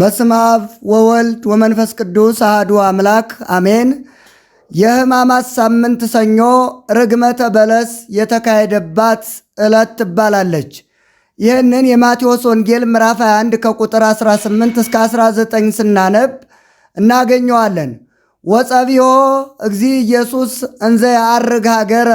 በስመ አብ ወወልድ ወመንፈስ ቅዱስ አህዱ አምላክ አሜን። የሕማማት ሳምንት ሰኞ ርግመተ በለስ የተካሄደባት ዕለት ትባላለች። ይህንን የማቴዎስ ወንጌል ምዕራፍ 21 ከቁጥር 18 እስከ 19 ስናነብ እናገኘዋለን። ወጸቢዮ እግዚ ኢየሱስ እንዘ ያዐርግ ሀገረ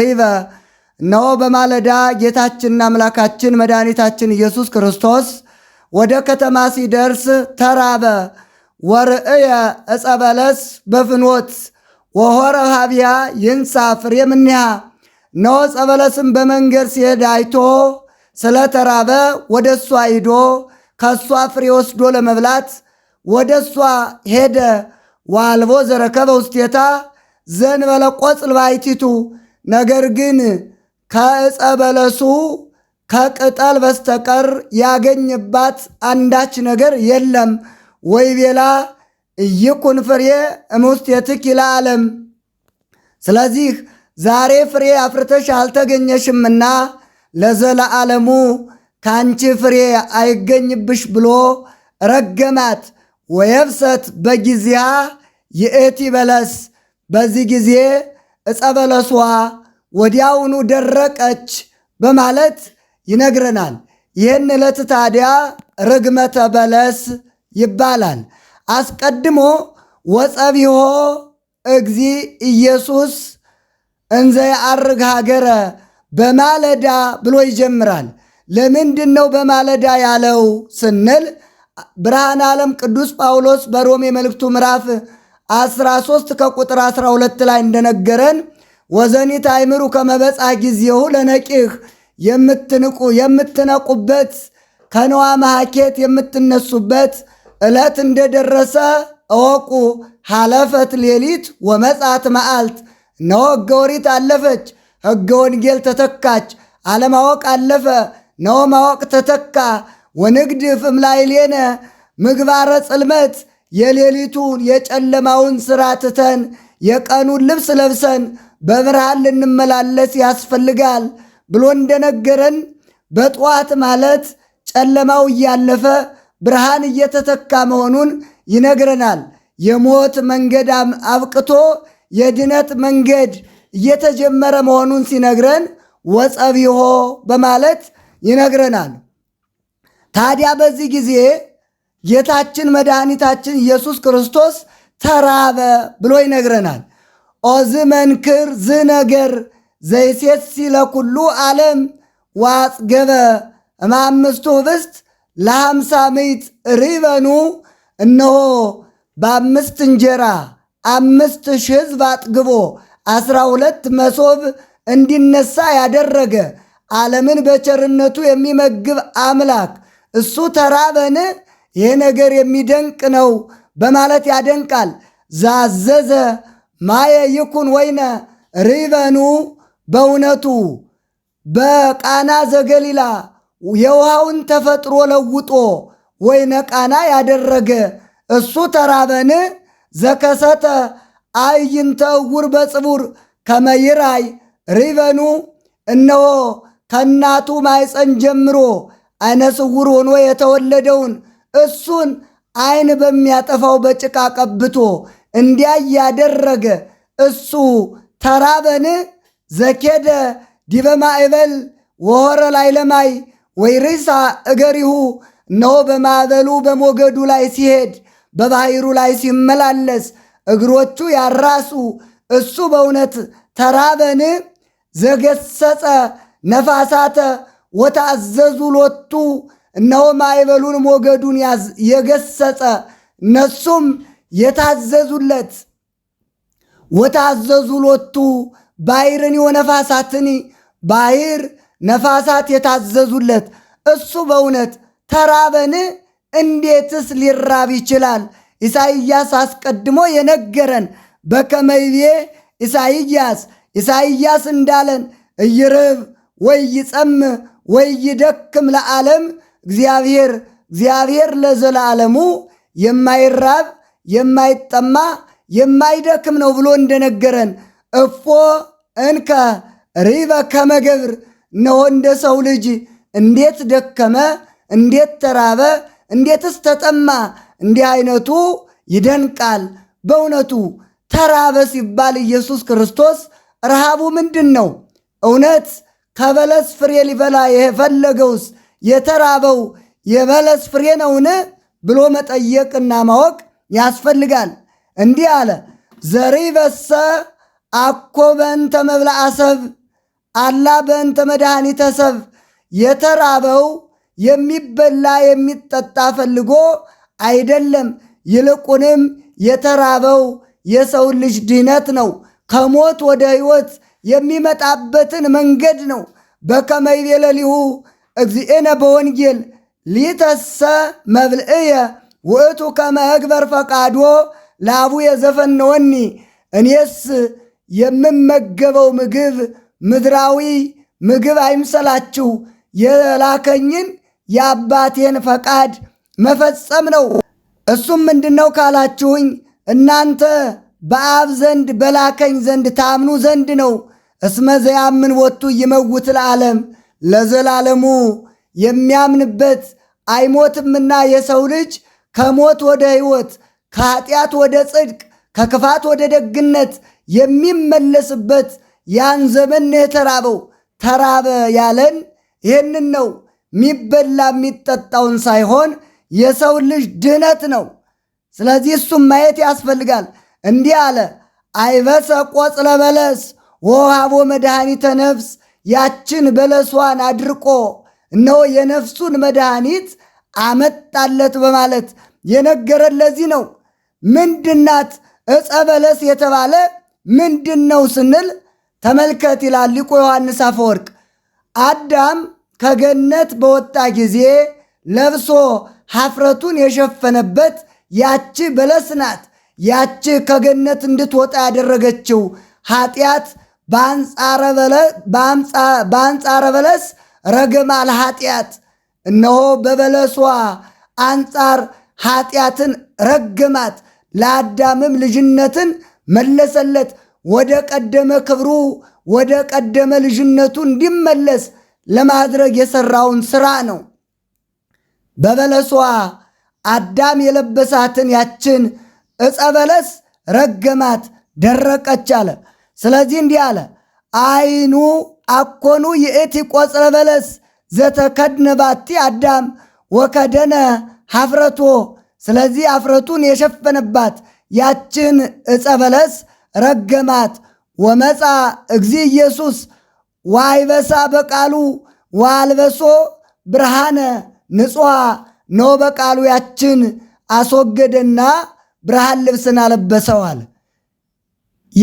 ሪበ ነው በማለዳ ጌታችንና አምላካችን መድኃኒታችን ኢየሱስ ክርስቶስ ወደ ከተማ ሲደርስ ተራበ። ወርእየ ዕፀ በለስ በፍኖት ወሖረ ኀቢያ ፍሬ ምንያ እነሆ ዕፀ በመንገድ ሲሄድ አይቶ ስለተራበ ወደ እሷ ሂዶ ከእሷ ፍሬ ወስዶ ለመብላት ወደ እሷ ሄደ። ዋልቦ ዘረከበ ውስቴታ ዘንበለ ቈጽል ባሕቲቱ ነገር ግን ከዕፀ በለሱ ከቅጠል በስተቀር ያገኝባት አንዳች ነገር የለም። ወይ ቤላ እይኩን ፍሬ እምውስቴትኪ ለዓለም። ስለዚህ ዛሬ ፍሬ አፍርተሽ አልተገኘሽምና ለዘለዓለሙ ከአንቺ ፍሬ አይገኝብሽ ብሎ ረገማት። ወየብሰት በጊዜያ ይእቲ በለስ፣ በዚህ ጊዜ እፀበለሷ ወዲያውኑ ደረቀች በማለት ይነግረናል። ይህን ዕለት ታዲያ ርግመተ በለስ ይባላል። አስቀድሞ ወጸቢሖ እግዚ ኢየሱስ እንዘ ያዐርግ ሀገረ በማለዳ ብሎ ይጀምራል። ለምንድን ነው በማለዳ ያለው ስንል ብርሃን ዓለም ቅዱስ ጳውሎስ በሮሜ መልእክቱ ምዕራፍ 13 ከቁጥር 12 ላይ እንደነገረን ወዘኒት አይምሩ ከመበጻ ጊዜሁ ለነቂህ የምትንቁ የምትነቁበት ከንዋ መሐኬት የምትነሱበት ዕለት እንደደረሰ እወቁ። ሐለፈት ሌሊት ወመጻት መዓልት። እነሆ ሕገ ኦሪት አለፈች፣ ሕገ ወንጌል ተተካች። አለማወቅ አለፈ፣ እነሆ ማወቅ ተተካ። ላይ ሌነ ምግባረ ጽልመት የሌሊቱን የጨለማውን ሥራ ትተን የቀኑን ልብስ ለብሰን በብርሃን ልንመላለስ ያስፈልጋል። ብሎ እንደነገረን በጠዋት ማለት ጨለማው እያለፈ ብርሃን እየተተካ መሆኑን ይነግረናል። የሞት መንገድ አብቅቶ የድነት መንገድ እየተጀመረ መሆኑን ሲነግረን ወጸቢሖ በማለት ይነግረናል። ታዲያ በዚህ ጊዜ ጌታችን መድኃኒታችን ኢየሱስ ክርስቶስ ተራበ ብሎ ይነግረናል። ኦዝ መንክር ነገር ዘይሴት ሲለኩሉ ዓለም ዋጽገበ እማምስቱ ህብስት ለሃምሳ ምዕት ሪበኑ እነሆ በአምስት እንጀራ አምስት ሺህ ህዝብ አጥግቦ አስራ ሁለት መሶብ እንዲነሳ ያደረገ ዓለምን በቸርነቱ የሚመግብ አምላክ እሱ ተራበን? ይህ ነገር የሚደንቅ ነው በማለት ያደንቃል። ዛዘዘ ማየ ይኩን ወይነ ሪበኑ በእውነቱ በቃና ዘገሊላ የውሃውን ተፈጥሮ ለውጦ ወይነ ቃና ያደረገ እሱ ተራበን? ዘከሰተ አይንተ እውር በጽቡር ከመይራይ ሪበኑ እነሆ ከእናቱ ማይፀን ጀምሮ አይነ ስውር ሆኖ የተወለደውን እሱን አይን በሚያጠፋው በጭቃ ቀብቶ እንዲያ ያደረገ እሱ ተራበን? ዘኬደ ዲበ ማዕበል ወሆረ ላዕለ ማይ ወይ ርሳ እገሪሁ እነሆ በማዕበሉ በሞገዱ ላይ ሲሄድ በባሕሩ ላይ ሲመላለስ እግሮቹ ያራሱ እሱ በእውነት ተራበን? ዘገሰጸ ነፋሳተ ወታዘዙ ሎቱ እነሆ ማዕበሉን ሞገዱን የገሰጸ እነሱም የታዘዙለት ወታዘዙ ሎቱ ባሕርን ወነፋሳትኒ ባይር ነፋሳት የታዘዙለት እሱ በእውነት ተራበን? እንዴትስ ሊራብ ይችላል? ኢሳይያስ አስቀድሞ የነገረን በከመይቤ ኢሳይያስ ኢሳይያስ እንዳለን እይርብ ወይ ደክም ለዓለም እግዚአብሔር እግዚአብሔር ለዘላለሙ የማይራብ የማይጠማ የማይደክም ነው ብሎ እንደነገረን እፎ እንከ ሪበ ከመገብር እነሆ እንደ ሰው ልጅ እንዴት ደከመ፣ እንዴት ተራበ፣ እንዴትስ ተጠማ። እንዲህ አይነቱ ይደንቃል በእውነቱ። ተራበ ሲባል ኢየሱስ ክርስቶስ ረሃቡ ምንድን ነው? እውነት ከበለስ ፍሬ ሊበላ የፈለገውስ የተራበው የበለስ ፍሬ ነውን ብሎ መጠየቅና ማወቅ ያስፈልጋል። እንዲህ አለ ዘሪበሰ አኮ በእንተ መብላአ ሰብ አላ በእንተ መድኃኒተ ሰብ የተራበው የሚበላ የሚጠጣ ፈልጎ አይደለም፣ ይልቁንም የተራበው የሰው ልጅ ድነት ነው። ከሞት ወደ ሕይወት የሚመጣበትን መንገድ ነው። በከመይ ይቤለሊሁ እግዚእነ በወንጌል ሊተሰ መብልእየ ውእቱ ከመ እግበር ፈቃዶ ለአቡየ ዘፈነወኒ እኔስ የምመገበው ምግብ ምድራዊ ምግብ አይምሰላችሁ፣ የላከኝን የአባቴን ፈቃድ መፈጸም ነው። እሱም ምንድነው ካላችሁኝ፣ እናንተ በአብ ዘንድ በላከኝ ዘንድ ታምኑ ዘንድ ነው። እስመ ዘያምን ወቱ ይመውት ለዓለም ለዘላለሙ የሚያምንበት አይሞትምና የሰው ልጅ ከሞት ወደ ሕይወት ከኃጢአት ወደ ጽድቅ ከክፋት ወደ ደግነት የሚመለስበት ያን ዘመን የተራበው። ተራበ ያለን ይህንን ነው። የሚበላ የሚጠጣውን ሳይሆን የሰው ልጅ ድህነት ነው። ስለዚህ እሱም ማየት ያስፈልጋል። እንዲህ አለ፣ አይበሰ ቆጽለ በለስ ወውሃቦ መድኃኒተ ነፍስ። ያችን በለሷን አድርቆ እነሆ የነፍሱን መድኃኒት አመጣለት በማለት የነገረን ለዚህ ነው ምንድናት? ዕፀ በለስ የተባለ ምንድን ነው ስንል ተመልከት ይላል ሊቁ ዮሐንስ አፈወርቅ። አዳም ከገነት በወጣ ጊዜ ለብሶ ሐፍረቱን የሸፈነበት ያቺ በለስ ናት። ያቺ ከገነት እንድትወጣ ያደረገችው ኃጢአት በአንጻረ በለስ ረገማል ኃጢአት። እነሆ በበለሷ አንጻር ኃጢአትን ረገማት። ለአዳምም ልጅነትን መለሰለት። ወደ ቀደመ ክብሩ ወደ ቀደመ ልጅነቱ እንዲመለስ ለማድረግ የሰራውን ስራ ነው። በበለሷ አዳም የለበሳትን ያችን እፀ በለስ ረገማት፣ ደረቀች አለ። ስለዚህ እንዲህ አለ አይኑ አኮኑ ይእቲ ቆጽለ በለስ ዘተከድነባቲ አዳም ወከደነ ሀፍረቶ ስለዚህ አፍረቱን የሸፈነባት ያችን እጸበለስ በለስ ረገማት። ወመፃ እግዚ ኢየሱስ ዋይበሳ በቃሉ ዋልበሶ ብርሃነ ንጹሐ ነው በቃሉ ያችን አስወገደና ብርሃን ልብስን አለበሰዋል።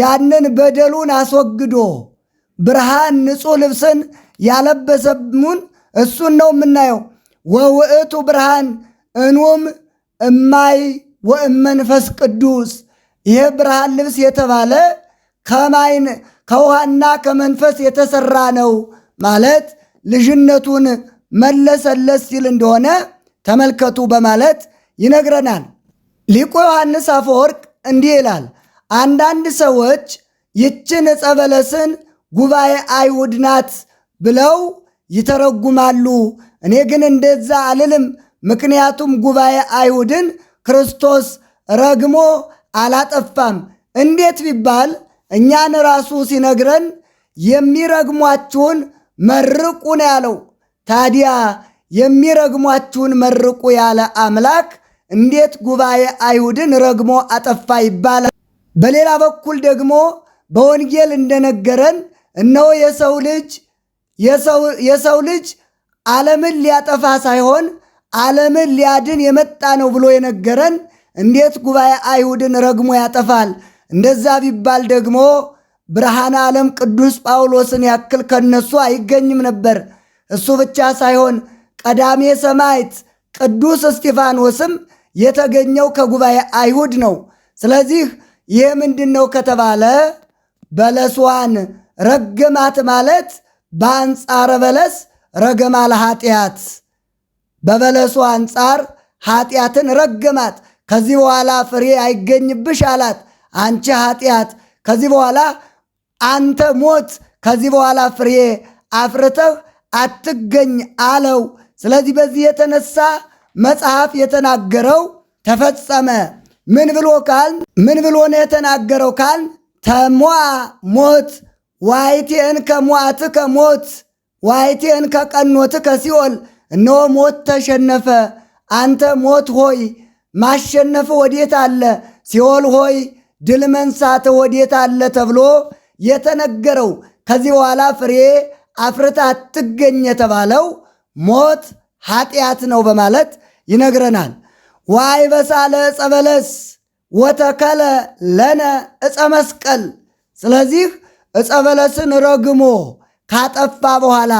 ያንን በደሉን አስወግዶ ብርሃን ንጹሕ ልብስን ያለበሰሙን እሱን ነው የምናየው። ወውእቱ ብርሃን እንውም እማይ ወእመንፈስ ቅዱስ ይሄ ብርሃን ልብስ የተባለ ከማይን ከውሃና ከመንፈስ የተሰራ ነው ማለት ልጅነቱን መለሰለስ ሲል እንደሆነ ተመልከቱ በማለት ይነግረናል። ሊቁ ዮሐንስ አፈወርቅ እንዲህ ይላል። አንዳንድ ሰዎች ይችን ዕፀ በለስን ጉባኤ አይሁድ ናት ብለው ይተረጉማሉ። እኔ ግን እንደዛ አልልም። ምክንያቱም ጉባኤ አይሁድን ክርስቶስ ረግሞ አላጠፋም። እንዴት ቢባል እኛን ራሱ ሲነግረን የሚረግሟችሁን መርቁ ነው ያለው። ታዲያ የሚረግሟችሁን መርቁ ያለ አምላክ እንዴት ጉባኤ አይሁድን ረግሞ አጠፋ ይባላል? በሌላ በኩል ደግሞ በወንጌል እንደነገረን እነሆ የሰው ልጅ የሰው ልጅ ዓለምን ሊያጠፋ ሳይሆን ዓለምን ሊያድን የመጣ ነው ብሎ የነገረን እንዴት ጉባኤ አይሁድን ረግሞ ያጠፋል? እንደዛ ቢባል ደግሞ ብርሃነ ዓለም ቅዱስ ጳውሎስን ያክል ከነሱ አይገኝም ነበር። እሱ ብቻ ሳይሆን ቀዳሜ ሰማዕት ቅዱስ እስጢፋኖስም የተገኘው ከጉባኤ አይሁድ ነው። ስለዚህ ይህ ምንድን ነው ከተባለ በለስዋን ረገማት ማለት በአንጻረ በለስ ረገማ ለኃጢአት በበለሱ አንጻር ኃጢአትን ረገማት። ከዚህ በኋላ ፍሬ አይገኝብሽ አላት። አንቺ ኃጢአት፣ ከዚህ በኋላ አንተ ሞት፣ ከዚህ በኋላ ፍሬ አፍርተህ አትገኝ አለው። ስለዚህ በዚህ የተነሳ መጽሐፍ የተናገረው ተፈጸመ። ምን ብሎ ካል ምን ብሎ ነው የተናገረው ካል ተሟ ሞት ዋይቴን ከሟት ከሞት ዋይቴን ከቀኖት ከሲኦል እነሆ ሞት ተሸነፈ። አንተ ሞት ሆይ ማሸነፍ ወዴት አለ? ሲኦል ሆይ ድል መንሳት ወዴት አለ? ተብሎ የተነገረው ከዚህ በኋላ ፍሬ አፍርታ አትገኝ የተባለው ሞት ኃጢአት ነው በማለት ይነግረናል። ዋይ በሳለ ዕፀ በለስ ወተከለ ለነ ዕፀ መስቀል። ስለዚህ ዕፀ በለስን ረግሞ ካጠፋ በኋላ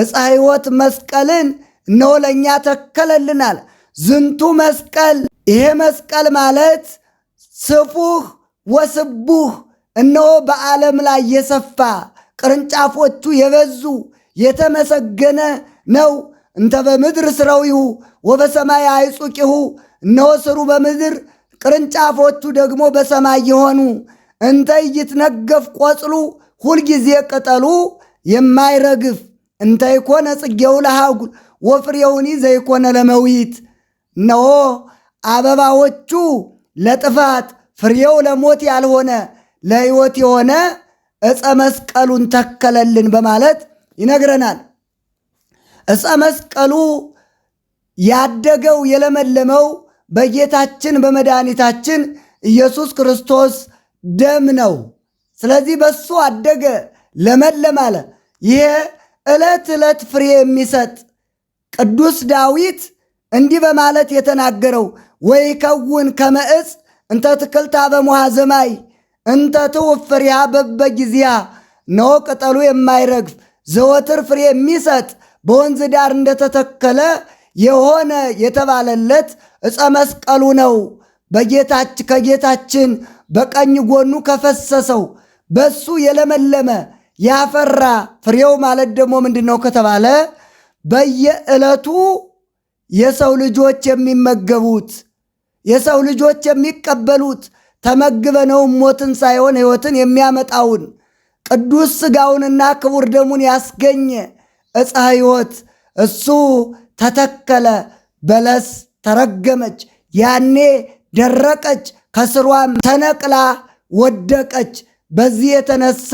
ዕፀ ሕይወት መስቀልን እነሆ ለእኛ ተከለልናል ዝንቱ መስቀል። ይሄ መስቀል ማለት ስፉህ ወስቡህ፣ እነሆ በዓለም ላይ የሰፋ ቅርንጫፎቹ የበዙ የተመሰገነ ነው። እንተ በምድር ስረዊሁ ወበሰማይ አይጹቂሁ፣ እነሆ ስሩ በምድር ቅርንጫፎቹ ደግሞ በሰማይ የሆኑ እንተ ይትነገፍ ቆጽሉ ሁልጊዜ ቅጠሉ የማይረግፍ እንተ ይኮነ ጽጌው ለሃጉል ወፍሬውኒ ዘይኮነ ለመዊት እነሆ አበባዎቹ ለጥፋት ፍሬው ለሞት ያልሆነ ለሕይወት የሆነ ዕፀ መስቀሉን ተከለልን በማለት ይነግረናል። ዕፀ መስቀሉ ያደገው የለመለመው በጌታችን በመድኃኒታችን ኢየሱስ ክርስቶስ ደም ነው። ስለዚህ በሱ አደገ፣ ለመለም አለ። ይሄ ዕለት ዕለት ፍሬ የሚሰጥ ቅዱስ ዳዊት እንዲህ በማለት የተናገረው ወይ ከውን ዕፅ እንተ ትክልታ በሞሃ ዘማይ እንተ ትውብ ፍሬሃ በበ ጊዜያ ነው ቅጠሉ የማይረግፍ ዘወትር ፍሬ የሚሰጥ በወንዝ ዳር እንደተተከለ የሆነ የተባለለት ዕፀ መስቀሉ ነው። በጌታች ከጌታችን በቀኝ ጎኑ ከፈሰሰው በሱ የለመለመ ያፈራ ፍሬው ማለት ደግሞ ምንድን ነው ከተባለ በየዕለቱ የሰው ልጆች የሚመገቡት የሰው ልጆች የሚቀበሉት ተመግበነውም ሞትን ሳይሆን ሕይወትን የሚያመጣውን ቅዱስ ሥጋውንና ክቡር ደሙን ያስገኘ ዕፀ ሕይወት እሱ ተተከለ። በለስ ተረገመች፣ ያኔ ደረቀች፣ ከስሯም ተነቅላ ወደቀች። በዚህ የተነሳ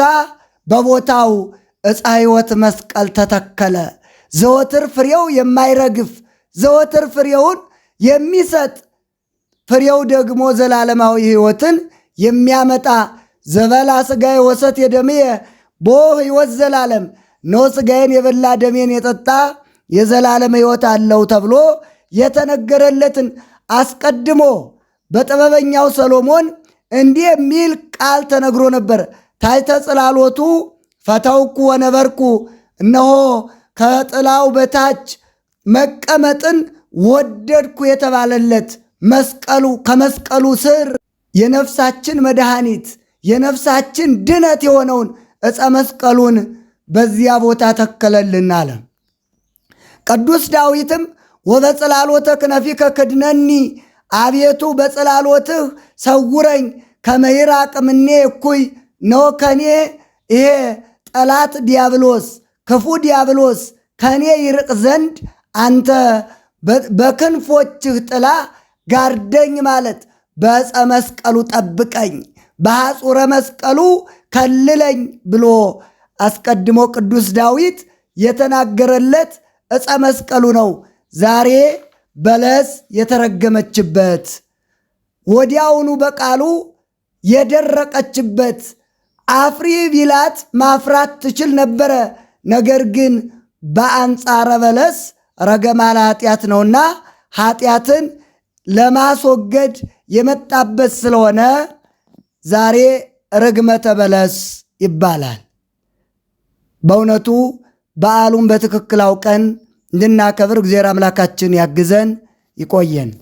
በቦታው ዕፀ ሕይወት መስቀል ተተከለ። ዘወትር ፍሬው የማይረግፍ ዘወትር ፍሬውን የሚሰጥ ፍሬው ደግሞ ዘላለማዊ ሕይወትን የሚያመጣ ዘበላ ስጋይ ወሰት የደምየ ቦ ሕይወት ዘላለም ኖ ስጋይን የበላ ደሜን የጠጣ የዘላለም ሕይወት አለው ተብሎ የተነገረለትን አስቀድሞ በጥበበኛው ሰሎሞን እንዲህ የሚል ቃል ተነግሮ ነበር። ታይተ ጽላሎቱ ፈተውኩ ወነበርኩ እነሆ ከጥላው በታች መቀመጥን ወደድኩ የተባለለት መስቀሉ ከመስቀሉ ስር የነፍሳችን መድኃኒት የነፍሳችን ድነት የሆነውን ዕፀ መስቀሉን በዚያ ቦታ ተከለልን አለ። ቅዱስ ዳዊትም ወበጽላሎተ ክነፊከ ክድነኒ፣ አቤቱ በጽላሎትህ ሰውረኝ፣ ከመይራቅ ምኔ እኩይ ነው ከኔ ይሄ ጠላት ዲያብሎስ ክፉ ዲያብሎስ ከእኔ ይርቅ ዘንድ አንተ በክንፎችህ ጥላ ጋርደኝ ማለት በዕፀ መስቀሉ ጠብቀኝ፣ በሐጹረ መስቀሉ ከልለኝ ብሎ አስቀድሞ ቅዱስ ዳዊት የተናገረለት ዕፀ መስቀሉ ነው። ዛሬ በለስ የተረገመችበት ወዲያውኑ በቃሉ የደረቀችበት አፍሪ ቢላት ማፍራት ትችል ነበረ። ነገር ግን በአንጻረ በለስ ረገማል ኃጢአት ነውና ኃጢአትን ለማስወገድ የመጣበት ስለሆነ ዛሬ ርግመተ በለስ ይባላል። በእውነቱ በዓሉን በትክክል አውቀን እንድናከብር እግዚአብሔር አምላካችን ያግዘን፣ ይቆየን።